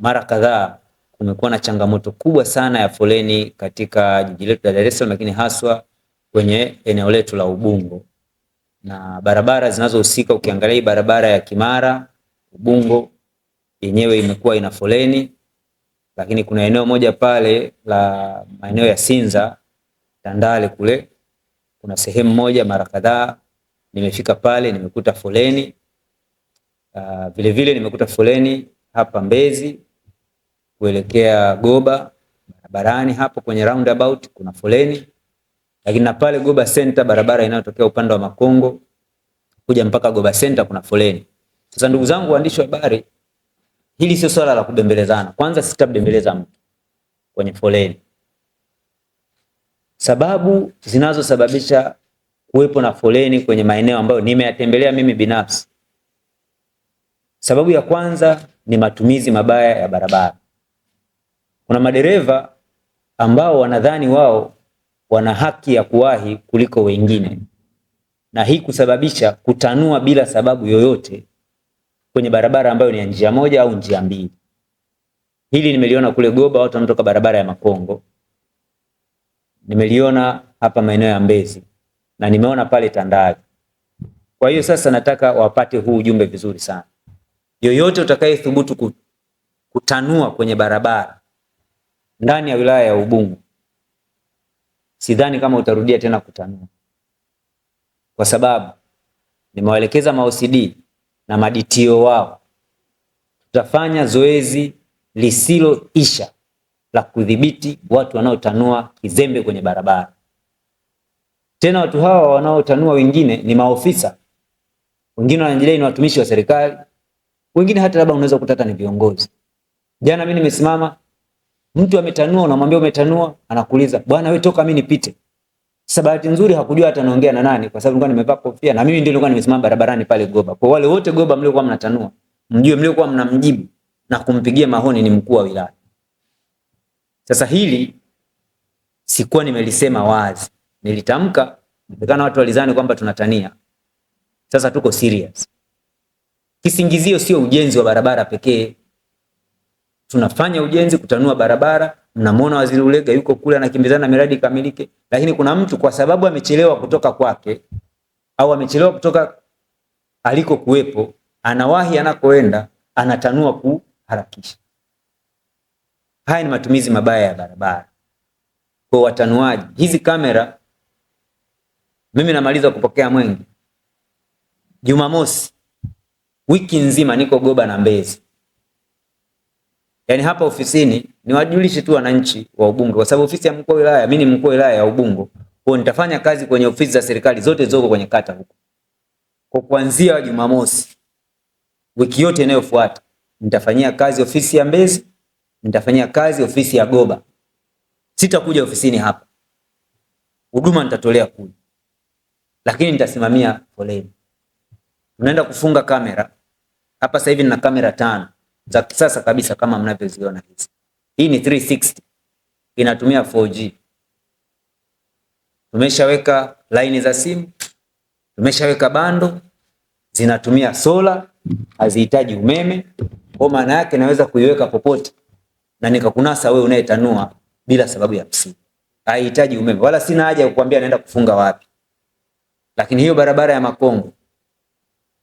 mara kadhaa kumekuwa na changamoto kubwa sana ya foleni katika jiji letu la Dar es Salaam, lakini haswa kwenye eneo letu la Ubungo na barabara zinazohusika. Ukiangalia hii barabara ya Kimara Ubungo yenyewe imekuwa ina foleni, lakini kuna eneo moja pale la maeneo ya Sinza Tandale kule, kuna sehemu moja mara kadhaa nimefika pale nimekuta foleni. Uh, vile vile nimekuta foleni hapa Mbezi kuelekea Goba barabarani hapo kwenye roundabout kuna foleni, lakini na pale Goba Center barabara inayotokea upande wa Makongo kuja mpaka Goba Center kuna foleni. Sasa ndugu zangu waandishi wa habari, hili sio swala la kubembelezana. Kwanza sitabembeleza mtu kwenye foleni. Sababu zinazosababisha kuwepo na foleni kwenye maeneo ambayo nimeyatembelea mimi binafsi, sababu ya kwanza ni matumizi mabaya ya barabara. Kuna madereva ambao wanadhani wao wana haki ya kuwahi kuliko wengine, na hii kusababisha kutanua bila sababu yoyote kwenye barabara ambayo ni ya njia moja au njia mbili. Hili nimeliona kule Goba, watu wanatoka barabara ya Makongo, nimeliona hapa maeneo ya Mbezi na nimeona pale Tandale. Kwa hiyo sasa nataka wapate huu ujumbe vizuri sana. Yoyote utakayethubutu kutanua kwenye barabara ndani ya wilaya ya Ubungo, sidhani kama utarudia tena kutanua, kwa sababu nimewaelekeza maOCD na maditio wao, tutafanya zoezi lisiloisha la kudhibiti watu wanaotanua kizembe kwenye barabara. Tena watu hawa wanaotanua wengine ni maofisa, wengine wanajidai ni watumishi wa serikali, wengine hata labda unaweza kutata ni viongozi. Jana mimi nimesimama Mtu ametanua, unamwambia umetanua, anakuuliza bwana, wewe toka mimi nipite. Sasa bahati nzuri hakujua hata naongea na nani, kwa sababu nilikuwa nimevaa kofia na mimi ndio nilikuwa nimesimama barabarani pale Goba. Kwa wale wote Goba mliokuwa mnatanua, mjue mliokuwa mnamjibu na kumpigia mahoni ni mkuu wa wilaya. Sasa hili sikuwa nimelisema wazi, nilitamka nikana watu walizani kwamba tunatania. Sasa tuko serious. Kisingizio sio ujenzi wa barabara pekee tunafanya ujenzi kutanua barabara. Mnamwona Waziri Ulega yuko kule anakimbizana na miradi ikamilike, lakini kuna mtu kwa sababu amechelewa kutoka kwake au amechelewa kutoka aliko kuwepo, anawahi anakoenda, anatanua kuharakisha. Haya ni matumizi mabaya ya barabara. Kwa watanuaji, hizi kamera, mimi namaliza kupokea mwenge Jumamosi, wiki nzima niko Goba na Mbezi. Yaani hapa ofisini niwajulishe tu wananchi wa Ubungo kwa sababu ofisi ya mkuu wa wilaya, mimi ni mkuu wa wilaya ya Ubungo. Kwa nitafanya kazi kwenye ofisi za serikali zote zoko kwenye kata huko. Kwa kuanzia Jumamosi wiki yote inayofuata nitafanyia kazi ofisi ya Mbezi, nitafanyia kazi ofisi ya Goba. Sitakuja ofisini hapa. Huduma nitatolea kule. Lakini nitasimamia foleni. Tunaenda kufunga kamera. Hapa sasa hivi nina kamera tano za kisasa kabisa kama mnavyoziona hizi. Hii ni 360 inatumia 4G. Tumeshaweka laini za simu, tumeshaweka bando, zinatumia sola, hazihitaji umeme. Kwa maana yake naweza kuiweka popote na nikakunasa wewe unayetanua bila sababu ya msingi. Haihitaji umeme wala sina haja ya kukwambia naenda kufunga wapi. Lakini hiyo barabara ya Makongo,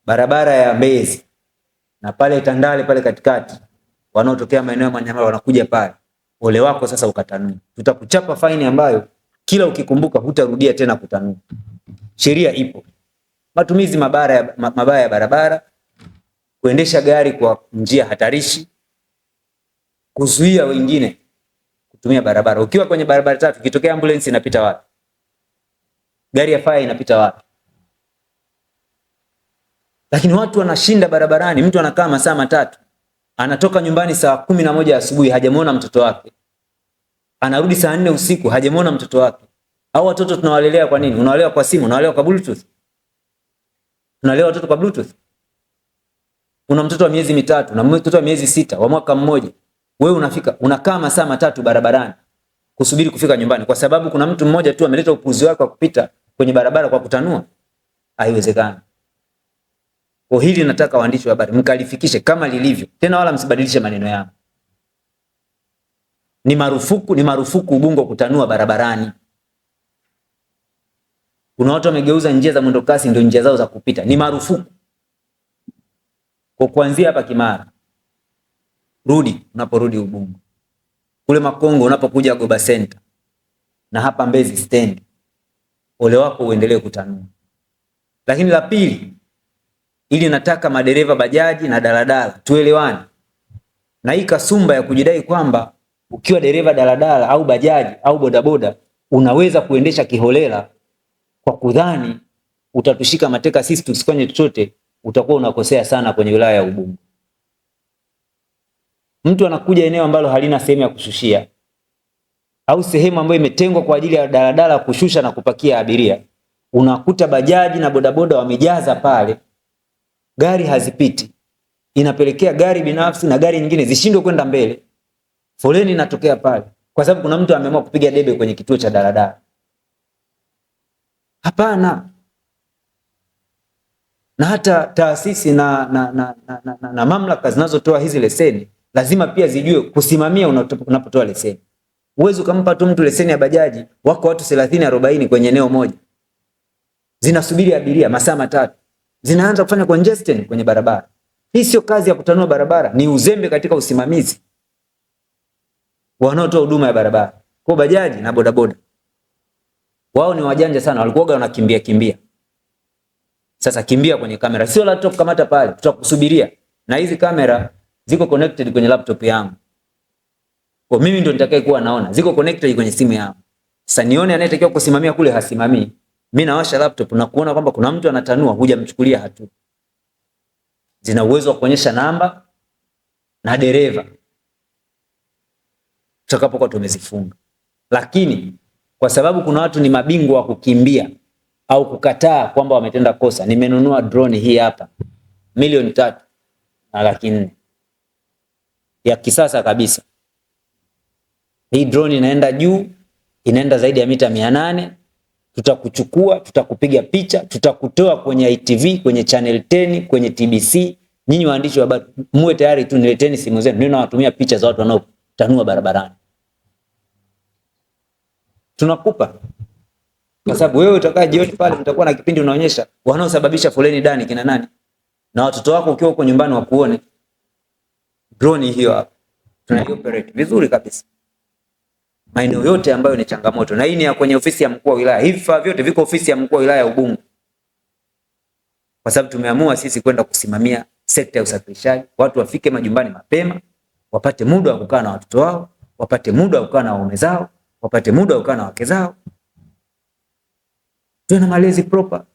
barabara ya Mbezi na pale Tandale pale katikati wanaotokea maeneo ya Manyamara wanakuja pale, ole wako sasa ukatanua, tutakuchapa faini ambayo kila ukikumbuka hutarudia tena kutanua. Sheria ipo, matumizi mabaya, mabaya ya barabara, kuendesha gari kwa njia hatarishi, kuzuia wengine kutumia barabara. Ukiwa kwenye barabara tatu, ikitokea ambulance inapita wapi? Gari ya fire inapita wapi? Lakini watu wanashinda barabarani, mtu anakaa masaa matatu, anatoka nyumbani saa kumi na moja asubuhi hajamwona mtoto wake, anarudi saa nne usiku hajamwona mtoto wake. Au watoto tunawalelea kwa nini? Unawalea kwa simu, unawalea kwa bluetooth, unalea watoto kwa bluetooth. Una mtoto wa miezi mitatu na mtoto wa miezi sita wa mwaka mmoja, wewe unafika unakaa masaa matatu barabarani kusubiri kufika nyumbani kwa sababu kuna mtu mmoja tu ameleta upuzi wake wa kupita kwenye barabara kwa kutanua? Haiwezekani. Kwa hili nataka waandishi wa habari mkalifikishe kama lilivyo, tena wala msibadilishe maneno yao. Ni marufuku, ni marufuku Ubungo kutanua barabarani. Kuna watu wamegeuza njia za mwendo kasi ndio njia zao za kupita, ni marufuku. Kwa kuanzia hapa Kimara, rudi unaporudi Ubungo, kule Makongo unapokuja Goba Center, na hapa Mbezi stand, ole wako uendelee kutanua. Lakini la pili ili nataka madereva bajaji na daladala tuelewane. Na hii kasumba ya kujidai kwamba ukiwa dereva daladala au bajaji au bodaboda unaweza kuendesha kiholela kwa kudhani utatushika mateka sisi tusifanye chochote, utakuwa unakosea sana kwenye wilaya ya Ubungo. Mtu anakuja eneo ambalo halina sehemu ya kushushia au sehemu ambayo imetengwa kwa ajili ya daladala kushusha na kupakia abiria, unakuta bajaji na bodaboda wamejaza pale gari hazipiti, inapelekea gari binafsi na gari nyingine zishindwe kwenda mbele. Foleni inatokea pale kwa sababu kuna mtu ameamua kupiga debe kwenye kituo cha daladala. Hapana. Na hata taasisi na, na, na, na, na, na, na mamlaka zinazotoa hizi leseni lazima pia zijue kusimamia unapotoa leseni. Huwezi ukampa tu mtu leseni ya bajaji, wako watu 30 40 kwenye eneo moja, zinasubiri abiria masaa matatu zinaanza kufanya congestion kwenye barabara. Hii sio kazi ya kutanua barabara, ni uzembe katika usimamizi wanaotoa huduma ya barabara, kwa bajaji na bodaboda. Wao ni wajanja sana, walikuwa wanakimbia kimbia. Sasa kimbia kwenye kamera, sio laptop, kamata pale, tutakusubiria. Na hizi kamera ziko connected kwenye laptop yangu, kwa mimi ndio nitakayekuwa naona, ziko connected kwenye simu yangu. Sasa nione anayetakiwa kusimamia kule hasimamii mi nawasha laptop na kuona kwamba kuna mtu anatanua, hujamchukulia hatua. Zina uwezo wa kuonyesha namba na dereva tutakapokuwa tumezifunga, lakini kwa sababu kuna watu ni mabingwa wa kukimbia au kukataa kwamba wametenda kosa. Nimenunua drone hii hapa milioni tatu na laki nne ya kisasa kabisa. Hii drone inaenda juu, inaenda zaidi ya mita mia nane tutakuchukua, tutakupiga picha, tutakutoa kwenye ITV, kwenye Channel 10, kwenye TBC. Nyinyi waandishi wa habari muwe tayari tu, nileteni simu zenu, ndio nawatumia picha za watu wanaotanua barabarani, tunakupa kwa sababu wewe utakaa jioni pale, mtakuwa na kipindi unaonyesha wanaosababisha foleni ndani kina nani, na watoto wako ukiwa huko nyumbani wakuone. Drone hiyo hapa tunaioperate vizuri kabisa maeneo yote ambayo ni changamoto, na hii ni ya kwenye ofisi ya mkuu wa wilaya. Hivi vifaa vyote viko ofisi ya mkuu wa wilaya ya Ubungo, kwa sababu tumeamua sisi kwenda kusimamia sekta ya usafirishaji. Watu wafike majumbani mapema, wapate muda wa kukaa na watoto wao, wapate muda wa kukaa na waume zao, wapate muda wa kukaa na wake zao, tuwe na malezi proper.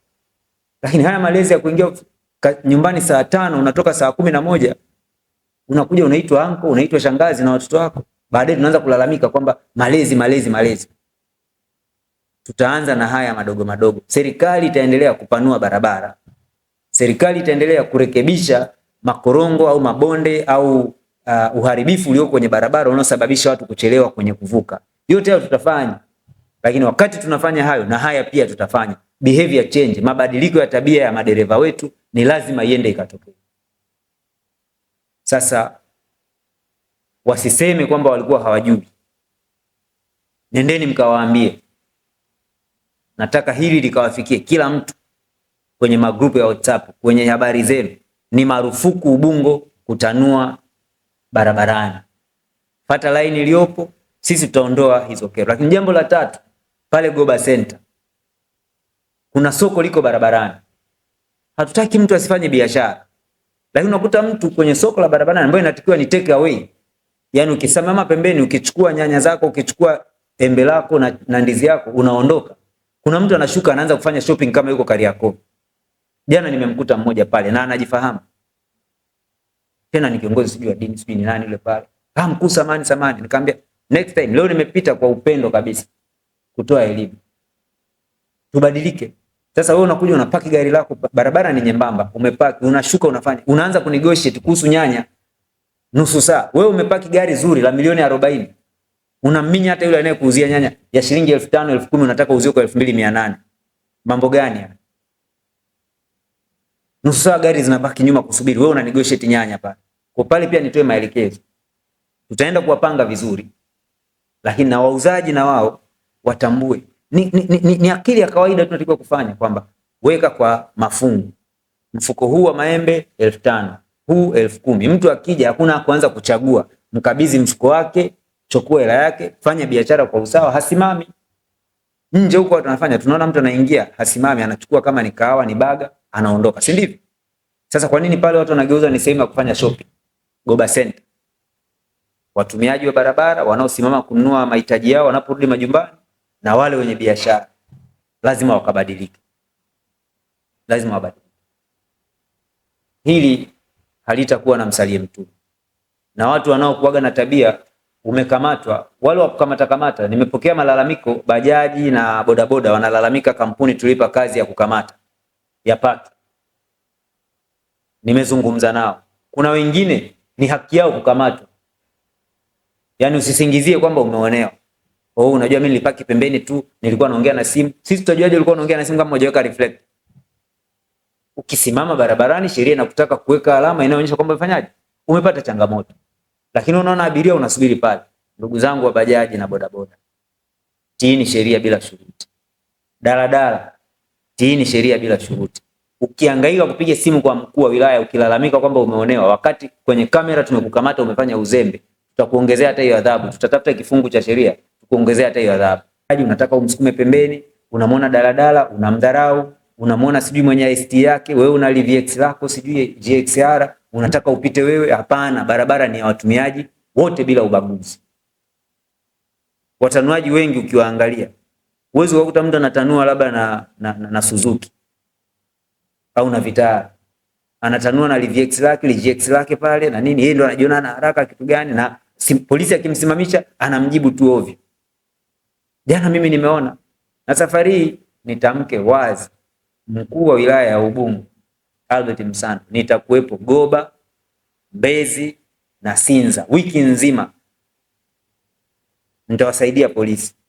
Lakini haya malezi ya kuingia nyumbani saa tano unatoka saa kumi na moja unakuja unaitwa anko, unaitwa shangazi na watoto wako. Baadaye tunaanza kulalamika kwamba malezi, malezi, malezi. Tutaanza na haya madogo madogo. Serikali itaendelea kupanua barabara, serikali itaendelea kurekebisha makorongo au mabonde au uh, uharibifu ulioko kwenye barabara unaosababisha watu kuchelewa kwenye kuvuka. Yote hayo tutafanya, lakini wakati tunafanya hayo na haya pia tutafanya behavior change, mabadiliko ya tabia ya madereva wetu ni lazima iende ikatokee. Sasa wasiseme kwamba walikuwa hawajui. Nendeni mkawaambie, nataka hili likawafikie kila mtu kwenye magrupu ya WhatsApp, kwenye habari zenu. Ni marufuku Ubungo kutanua barabarani, fata laini iliyopo, sisi tutaondoa hizo kero. Lakini jambo la tatu, pale Goba Center kuna soko liko barabarani, hatutaki mtu asifanye biashara, lakini unakuta mtu kwenye soko la barabarani ambayo inatakiwa ni take away Yaani ukisimama pembeni, ukichukua nyanya zako, ukichukua embe lako na, na ndizi yako unaondoka. Kuna mtu anashuka anaanza kufanya shopping kama yuko Kariakoo. Jana nimemkuta mmoja pale na anajifahamu. Tena ni kiongozi sijui wa dini sijui ni nani yule pale. Ah, mkuu samani samani, nikamwambia next time leo nimepita kwa upendo kabisa kutoa elimu. Tubadilike. Sasa wewe unakuja unapaki gari lako, barabara ni nyembamba, umepaki, unashuka unafanya, unaanza kunegotiate kuhusu nyanya nusu saa. Wewe umepaki gari zuri la milioni arobaini unaminya hata yule anayekuuzia nyanya ya shilingi elfu tano elfu kumi unataka uuzie kwa elfu mbili mia nane Mambo gani Nusu saa gari zinabaki nyuma kusubiri, wewe una negotiate nyanya pale. Kwa pale pia nitoe maelekezo, tutaenda kuwapanga vizuri, lakini na wauzaji na wao watambue ni, ni, ni, ni akili ya kawaida tunatakiwa kufanya kwamba weka kwa mafungu, mfuko huu wa maembe elfu tano huu elfu kumi. Mtu akija hakuna kuanza kuchagua, mkabidhi mfuko wake, chukua hela yake, fanya biashara kwa usawa, hasimami nje huko. Watu wanafanya, tunaona mtu anaingia, hasimami, anachukua kama ni kahawa ni baga, anaondoka, si ndivyo? Sasa kwa nini pale watu wanageuza ni sehemu ya kufanya shopping? Goba Center, watumiaji wa barabara wanaosimama kununua mahitaji yao wanaporudi majumbani, na wale wenye biashara lazima wakabadilike, lazima wabadilike hili halitakuwa na msalie mtume. Na watu wanaokuaga na tabia umekamatwa, wale wakukamata kamata. Nimepokea malalamiko, bajaji na bodaboda wanalalamika, kampuni tulipa kazi ya kukamata ya paki. Nimezungumza nao, kuna wengine ni haki yao kukamatwa, yaani usisingizie kwamba umeonewa. Oh, unajua mimi nilipaki pembeni tu, nilikuwa naongea na simu. Sisi tutajuaje ulikuwa unaongea na simu kama hujaweka reflect? ukisimama barabarani, sheria inakutaka kuweka alama inayoonyesha kwamba umefanyaje, umepata changamoto, lakini unaona abiria unasubiri pale. Ndugu zangu wa bajaji na bodaboda, tiini sheria bila shuruti. Daladala, tiini sheria bila shuruti. Ukiangaika kupiga simu kwa mkuu wa wilaya ukilalamika kwamba umeonewa, wakati kwenye kamera tumekukamata umefanya uzembe, tutakuongezea hata hiyo adhabu, tutatafuta kifungu cha sheria tukuongezea hata hiyo adhabu. Unataka umsukume pembeni, unamwona daladala, unamdharau unamwona sijui mwenye ST yake, wewe una LVX lako sijui GXR, unataka upite wewe. Hapana, barabara ni ya watumiaji wote bila ubaguzi. Watanuaji wengi ukiwaangalia, uwezo ukakuta mtu anatanua labda na, na, na, na Suzuki au na Vitara, anatanua na LVX lake LGX lake pale na nini, yeye ndo anajiona ana haraka kitu gani, na sim, polisi akimsimamisha anamjibu tu ovyo. Jana mimi nimeona na safari hii nitamke wazi mkuu wa wilaya ya Ubungo Albert Msando, nitakuwepo Goba, Mbezi na Sinza wiki nzima, nitawasaidia polisi.